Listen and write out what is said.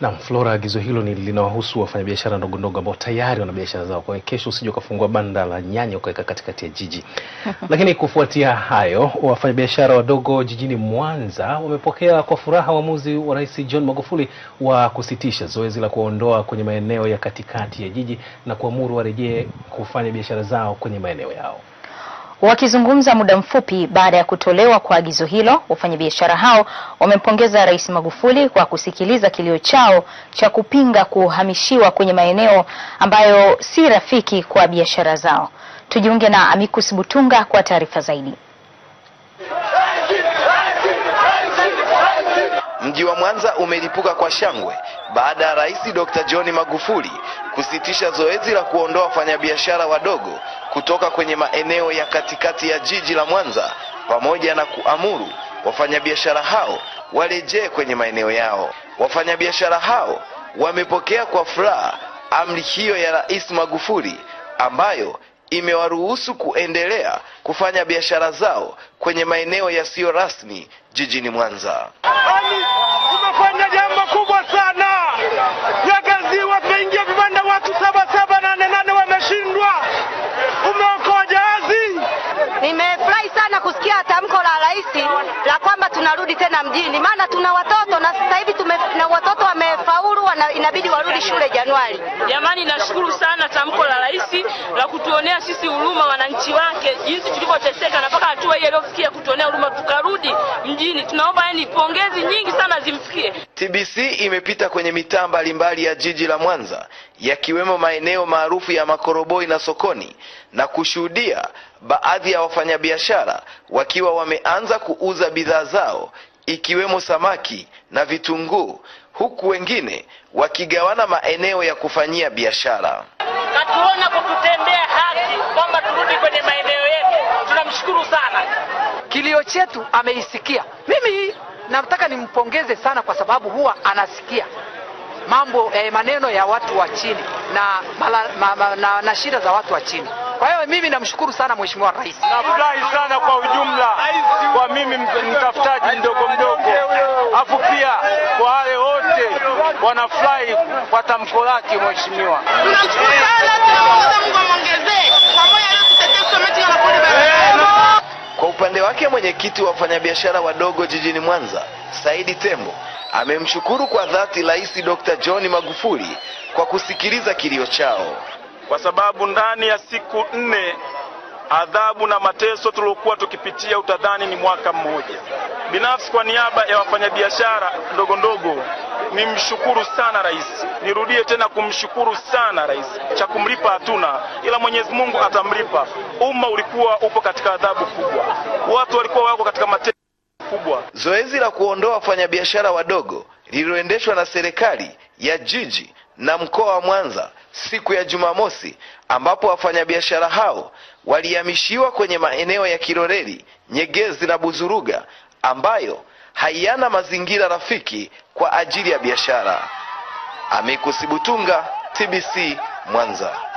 Na Flora, agizo hilo ni linawahusu wafanyabiashara ndogo ndogo ambao tayari wana biashara zao. Kwa hiyo kesho usije ukafungua banda la nyanya ukaweka katikati ya jiji. Lakini kufuatia hayo, wafanyabiashara wadogo jijini Mwanza wamepokea kwa furaha uamuzi wa Rais John Magufuli wa kusitisha zoezi la kuondoa kwenye maeneo ya katikati ya jiji na kuamuru warejee kufanya biashara zao kwenye maeneo yao. Wakizungumza muda mfupi baada ya kutolewa kwa agizo hilo, wafanyabiashara hao wamempongeza Rais Magufuli kwa kusikiliza kilio chao cha kupinga kuhamishiwa kwenye maeneo ambayo si rafiki kwa biashara zao. Tujiunge na amikus Butunga kwa taarifa zaidi. Mji wa Mwanza umelipuka kwa shangwe baada ya Rais Dr. John Magufuli kusitisha zoezi la kuondoa wafanyabiashara wadogo kutoka kwenye maeneo ya katikati ya jiji la Mwanza pamoja na kuamuru wafanyabiashara hao warejee kwenye maeneo yao. Wafanyabiashara hao wamepokea kwa furaha amri hiyo ya Rais Magufuli ambayo imewaruhusu kuendelea kufanya biashara zao kwenye maeneo yasiyo rasmi jijini Mwanza. Yaani kupokea tamko la rais la kwamba tunarudi tena mjini, maana tuna watoto na sasa hivi tume, na watoto wamefaulu inabidi warudi shule Januari. Jamani, nashukuru sana tamko la rais la kutuonea sisi huruma wananchi wa yake jinsi tulivyoteseka na mpaka hatua hiyo iliyofikia kutuonea huruma tukarudi mjini. Tunaomba yani pongezi nyingi sana zimfikie. TBC imepita kwenye mitaa mbalimbali ya jiji la Mwanza yakiwemo maeneo maarufu ya Makoroboi na sokoni na kushuhudia baadhi ya wafanyabiashara wakiwa wameanza kuuza bidhaa zao ikiwemo samaki na vitunguu huku wengine wakigawana maeneo ya kufanyia biashara. Katuona kutembea kwamba turudi kwenye maeneo yetu. Tunamshukuru sana, kilio chetu ameisikia. Mimi nataka nimpongeze sana, kwa sababu huwa anasikia mambo eh, maneno ya watu wa chini na, ma, ma, na, na shida za watu wa chini. Kwa hiyo mimi namshukuru sana Mheshimiwa Rais. Nafurahi sana kwa ujumla, kwa mimi mtafutaji mdogo mdogo, afu pia kwa wale wote wanafurahi kwa tamko lake Mheshimiwa. wake mwenyekiti wa wafanyabiashara wadogo jijini Mwanza, Saidi Tembo, amemshukuru kwa dhati Rais Dr. John Magufuli kwa kusikiliza kilio chao, kwa sababu ndani ya siku nne adhabu na mateso tuliokuwa tukipitia utadhani ni mwaka mmoja. Binafsi, kwa niaba ya wafanyabiashara ndogo ndogo nimshukuru sana rais, nirudie tena kumshukuru sana rais. Cha kumlipa hatuna, ila Mwenyezi Mungu atamlipa. Umma ulikuwa upo katika adhabu kubwa, watu walikuwa wako katika mateso kubwa. Zoezi la kuondoa wafanyabiashara wadogo lililoendeshwa na serikali ya jiji na mkoa wa Mwanza siku ya Jumamosi ambapo wafanyabiashara hao walihamishiwa kwenye maeneo ya Kiloleli, Nyegezi na Buzuruga ambayo hayana mazingira rafiki kwa ajili ya biashara. Amiku Sibutunga, TBC Mwanza.